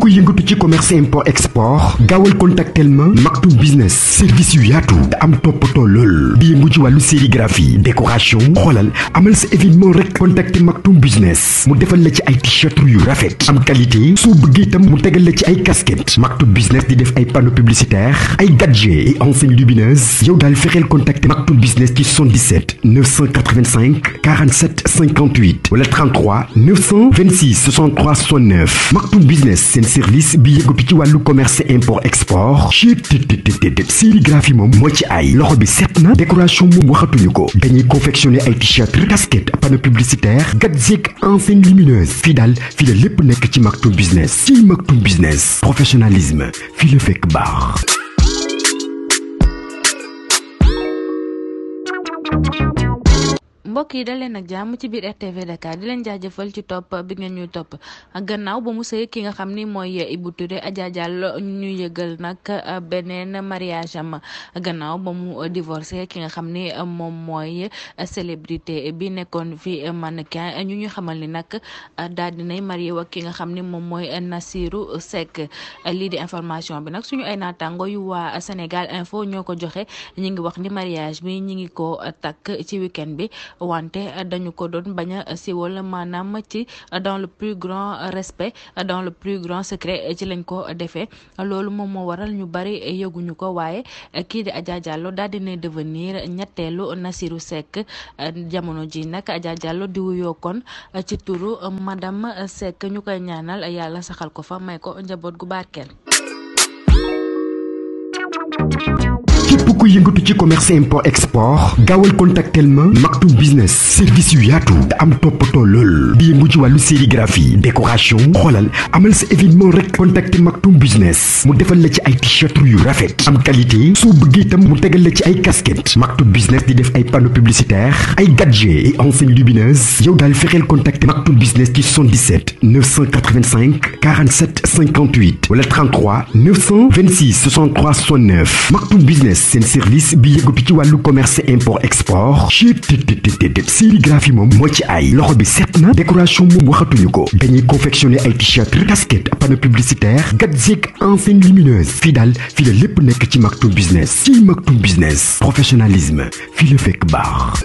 ku yëngatu ci commerce import export gaawal contactel ma business service yu yaatu te am toppatoo Lol, di ci sérigraphie décoration Holal, amal sa événement rek contacté Maktoum business mu defal la ci ay t-shirt yu rafet am qualité soo bëggee itam mu la ci ay casquette Maktoum business di def ay panneaux publicitaires ay gadget et enseignes lumineuses yow daal fexeel contacté business ci 77 985 47 58 wala 33 926 63 69 Maktoum business service bi yëngu walu commerce import export ci tëttëttëtt sérigraphie moom moo ci ay loxo bi setna na décoration moom waxatuñu ko dañuy confectionner ay t shirts casquette panneaux publicitaire gadget enseigne lumineuse fi dal fi la lépp nekk ci Maktoum business ci Maktoum business professionnalisme fii la fekk bar. mbokk yi da leen ak jàmm ci biir RTV Dakar di leen jaajëfal ci topp bi ngeen ñuy topp gannaaw ba mu sëy ki nga xam ni mooy Ibou Touré Adja Diallo yëgal nag euh, beneen mariage gannaaw ba mu ki nga xam ni euh, moom mooy euh, célébrité bi nekkoon fi a ñu ñu xamal ni nag daal dinay marié wa ki nga xam ni moom mooy Nassirou Seck lii di information bi nag suñu ay naataango yu waa Sénégal info ñoo ko joxe ñi ngi wax ni mariage bi ñi ngi ko takk ci week bi wante dañu ko doon bañ a siiwal maanaam ci dans le plus grand respect dans le plus grand secret ci lañ ko defee loolu moom moo waral ñu bari yëguñu ko waaye kii di Adja Diallo daal di ne devenir ñetteelu Nasirou Seck jamono ji nag Adja Diallo di wuyoo kon ci turu madame Seck ñu koy ñaanal yàlla saxal ko fa may ko njaboot gu barkeel képp ku yëngatu ci commerce import export gawal contactel ma Maktoum business service yu yaatu te am toppatoo lool di yëngu ci wàllu sérigraphie décoration xoolal amal sa événement rek contacte business mu defal la ci ay t-shirt yu rafet am qualité soo bëggee itam mu tegal la ci ay casquette Maktoum business di def ay panneaux publicitaires ay gadget et enseignes lumineuses yow daal fexeel contacte business business ci 77 985 47 58 wala 33 926 63 69 Maktoum business service bi yëngu ci wàllu commerce import export chiptttt sérigraphie moom moo ci ay loxo bi set na décoration moom waxatuñu ko dañuy confectionner ay t-shirt casquette panneau publicitaire gadget enseigne lumineuse fii daal fii la lépp nekk ci Maktoum business ci Maktoum business professionnalisme fii la fekk baax